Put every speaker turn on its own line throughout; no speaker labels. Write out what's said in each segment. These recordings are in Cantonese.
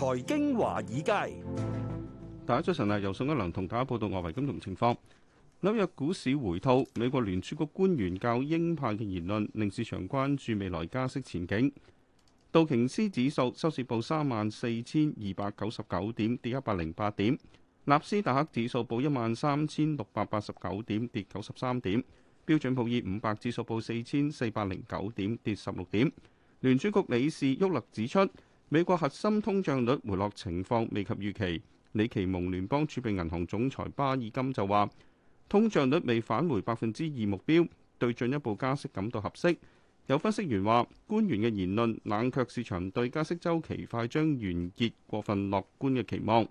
財經華爾街，大家早晨啊！由宋一良同大家報道外圍金融情況。紐約股市回吐，美國聯儲局官員較鷹派嘅言論，令市場關注未來加息前景。道瓊斯指數收市報三萬四千二百九十九點，跌一百零八點。納斯達克指數報一萬三千六百八十九點，跌九十三點。標準普爾五百指數報四千四百零九點，跌十六點。聯儲局理事沃勒指出。美國核心通脹率回落情況未及預期，李奇蒙聯邦儲備銀行總裁巴爾金就話：通脹率未返回百分之二目標，對進一步加息感到合適。有分析員話：官員嘅言論冷卻市場對加息週期快將完結過分樂觀嘅期望。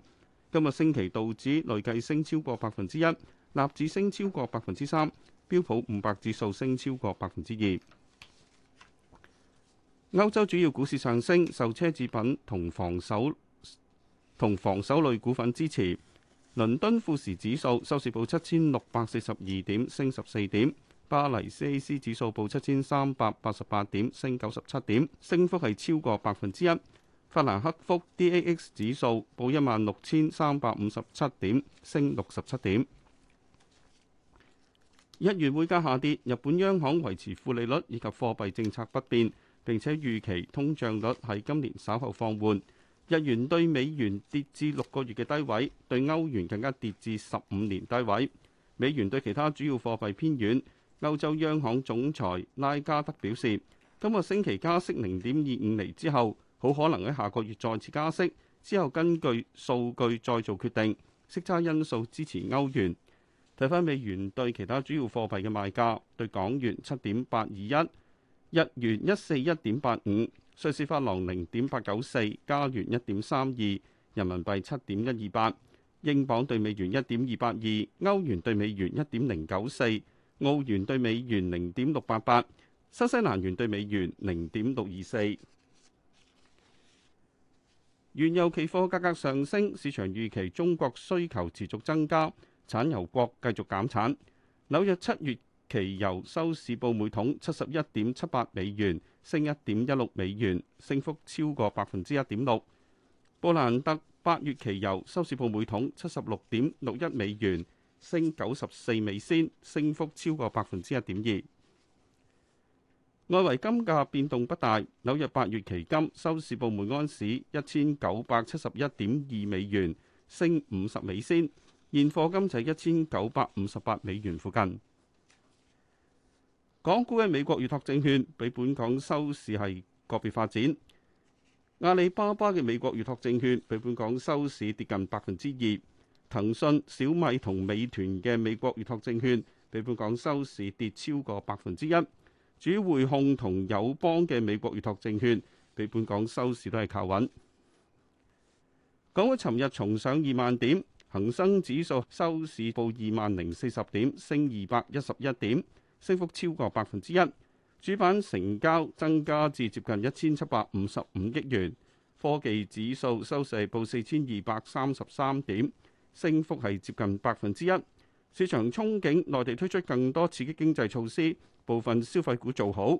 今日星期道指累計升超過百分之一，納指升超過百分之三，標普五百指數升超過百分之二。歐洲主要股市上升，受奢侈品同防守同防守類股份支持。倫敦富時指數收市報七千六百四十二點，升十四點；巴黎 CAC 指數報七千三百八十八點，升九十七點，升幅係超過百分之一。法蘭克福 DAX 指數報一萬六千三百五十七點，升六十七點。日圓匯價下跌，日本央行維持負利率以及貨幣政策不變。並且預期通脹率喺今年稍後放緩，日元對美元跌至六個月嘅低位，對歐元更加跌至十五年低位。美元對其他主要貨幣偏軟。歐洲央行總裁拉加德表示，今個星期加息零點二五厘之後，好可能喺下個月再次加息，之後根據數據再做決定。息差因素支持歐元。睇翻美元對其他主要貨幣嘅賣價，對港元七點八二一。日元一四一點八五，瑞士法郎零點八九四，加元一點三二，人民幣七點一二八，英鎊對美元一點二八二，歐元對美元一點零九四，澳元對美元零點六八八，新西蘭元對美元零點六二四。原油期貨價格上升，市場預期中國需求持續增加，產油國繼續減產。紐約七月期油收市報每桶七十一點七八美元，升一點一六美元，升幅超過百分之一點六。布蘭特八月期油收市報每桶七十六點六一美元，升九十四美仙，升幅超過百分之一點二。外圍金價變動不大，紐約八月期金收市報每安士一千九百七十一點二美元，升五十美仙，現貨金就一千九百五十八美元附近。港股嘅美國預託證券比本港收市係個別發展。阿里巴巴嘅美國預託證券比本港收市跌近百分之二。騰訊、小米同美團嘅美國預託證券比本港收市跌超過百分之一。主匯控同友邦嘅美國預託證券比本港收市都係靠穩。港股尋日重上二萬點，恒生指數收市報二萬零四十點，升二百一十一點。升幅超過百分之一，主板成交增加至接近一千七百五十五億元。科技指數收市報四千二百三十三點，升幅係接近百分之一。市場憧憬內地推出更多刺激經濟措施，部分消費股做好。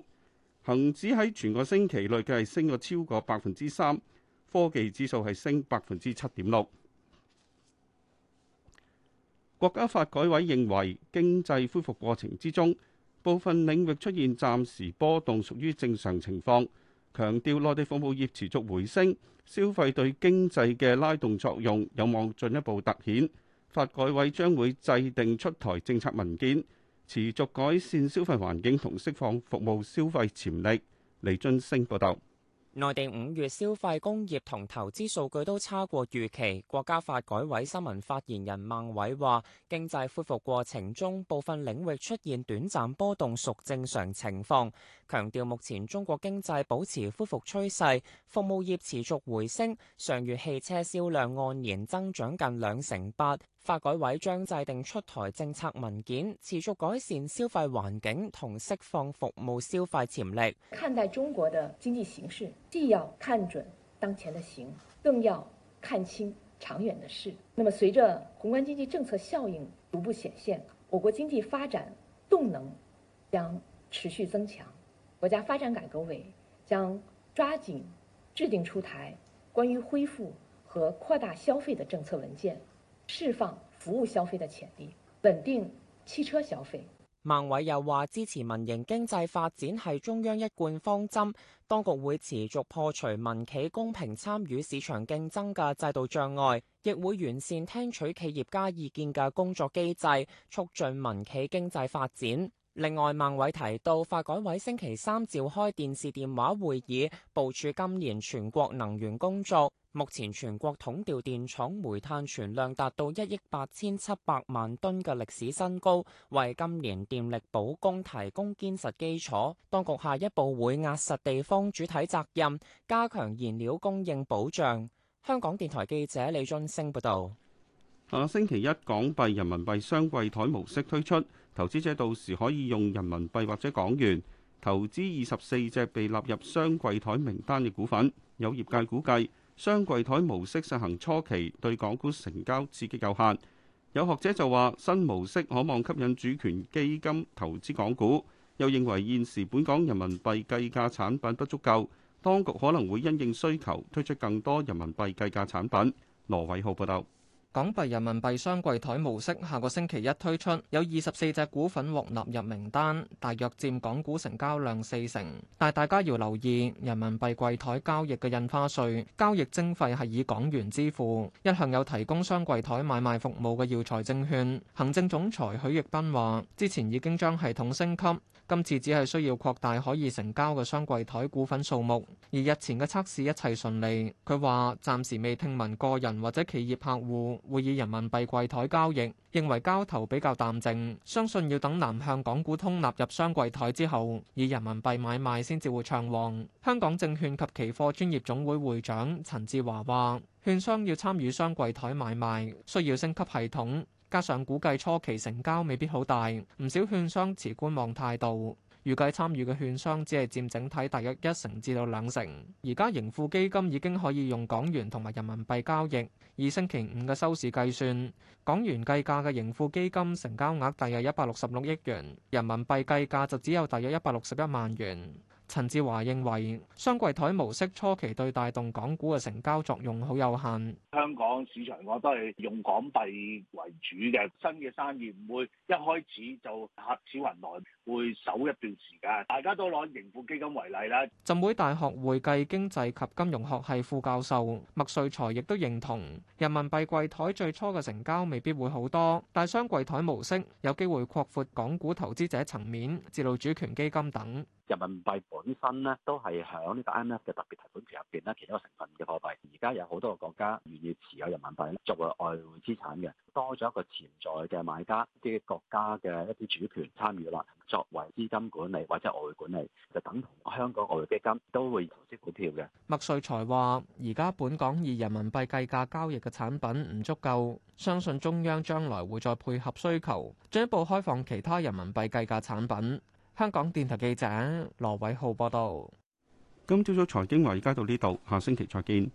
恒指喺全個星期內計係升咗超過百分之三，科技指數係升百分之七點六。國家發改委認為經濟恢復過程之中。部分領域出現暫時波動，屬於正常情況。強調內地服務業持續回升，消費對經濟嘅拉動作用有望進一步突顯。發改委將會制定出台政策文件，持續改善消費環境同釋放服務消費潛力。李俊升報道。
內地五月消費、工業同投資數據都差過預期。國家發改委新聞發言人孟偉話，經濟恢復過程中，部分領域出現短暫波動，屬正常情況。強調目前中國經濟保持恢復趨勢，服務業持續回升。上月汽車銷量按年增長近兩成八。發改委將制定出台政策文件，持續改善消費環境同釋放服務消費潛力。看待中國的經濟形勢，既要看準當前的行，更要看清長遠的事。那麼，隨着宏觀經濟政策效應逐步顯現，我國經濟發展動能將持續增強。國家發展改革委將抓緊制定出台關於恢復和擴大消費的政策文件。釋放服務消費的潛力，穩定汽車消費。孟偉又話：支持民營經濟發展係中央一貫方針，當局會持續破除民企公平參與市場競爭嘅制度障礙，亦會完善聽取企業家意見嘅工作機制，促進民企經濟發展。另外，孟偉提到，發改委星期三召開電視電話會議，部署今年全國能源工作。目前全國統調電廠煤炭存量達到一億八千七百萬噸嘅歷史新高，為今年電力保供提供堅實基礎。當局下一步會壓實地方主體責任，加強燃料供應保障。香港電台記者李俊升報道。
下星期一港幣、人民幣雙櫃台模式推出，投資者到時可以用人民幣或者港元投資二十四隻被納入雙櫃台名單嘅股份。有業界估計，雙櫃台模式實行初期對港股成交刺激有限，有學者就話新模式可望吸引主權基金投資港股，又認為現時本港人民幣計價產品不足夠，當局可能會因應需求推出更多人民幣計價產品。羅偉浩報道。
港幣、人民幣雙櫃台模式下個星期一推出，有二十四隻股份獲納入名單，大約佔港股成交量四成。但大家要留意，人民幣櫃台交易嘅印花稅，交易徵費係以港元支付。一向有提供雙櫃台買賣服務嘅耀才證券行政總裁許逸斌話，之前已經將系統升級，今次只係需要擴大可以成交嘅雙櫃台股份數目。而日前嘅測試一切順利，佢話暫時未聽聞個人或者企業客戶。會以人民幣櫃台交易，認為交投比較淡靜，相信要等南向港股通納入雙櫃台之後，以人民幣買賣先至會暢旺。香港證券及期貨專業總會會長陳志華話，券商要參與雙櫃台買賣，需要升級系統，加上估計初期成交未必好大，唔少券商持觀望態度。預計參與嘅券商只係佔整體大約一成至到兩成。而家盈富基金已經可以用港元同埋人民幣交易。以星期五嘅收市計算，港元計價嘅盈富基金成交額大約一百六十六億元，人民幣計價就只有大約一百六十一萬元。陳志華認為雙櫃台模式初期對帶動港股嘅成交作用好有限。香港市場我都係用港幣為主嘅新嘅生意，唔會一開始就客似雲來，會守一段時間。大家都攞盈富基金為例啦。浸會大學會計、經濟及金融學系副教授麥瑞才亦都認同，人民幣櫃台最初嘅成交未必會好多，但雙櫃台模式有機會擴闊港股投資者層面，至到主權基金等。
人民幣本身咧都係喺呢個 IMF 嘅特別提款權入邊咧，其他個成分嘅貨幣。而家有好多個國家願意持有人民幣作為外匯資產嘅，多咗一個潛在嘅買家，即國家嘅一啲主權參與啦，作為資金管理或者外匯管理，就等同香港外匯基金都會投資股票嘅。
麥瑞才話：而家本港以人民幣計價交易嘅產品唔足夠，相信中央將來會再配合需求，進一步開放其他人民幣計價產品。香港電台記者羅偉浩報道。今朝早財經華爾街到呢度，下星期再見。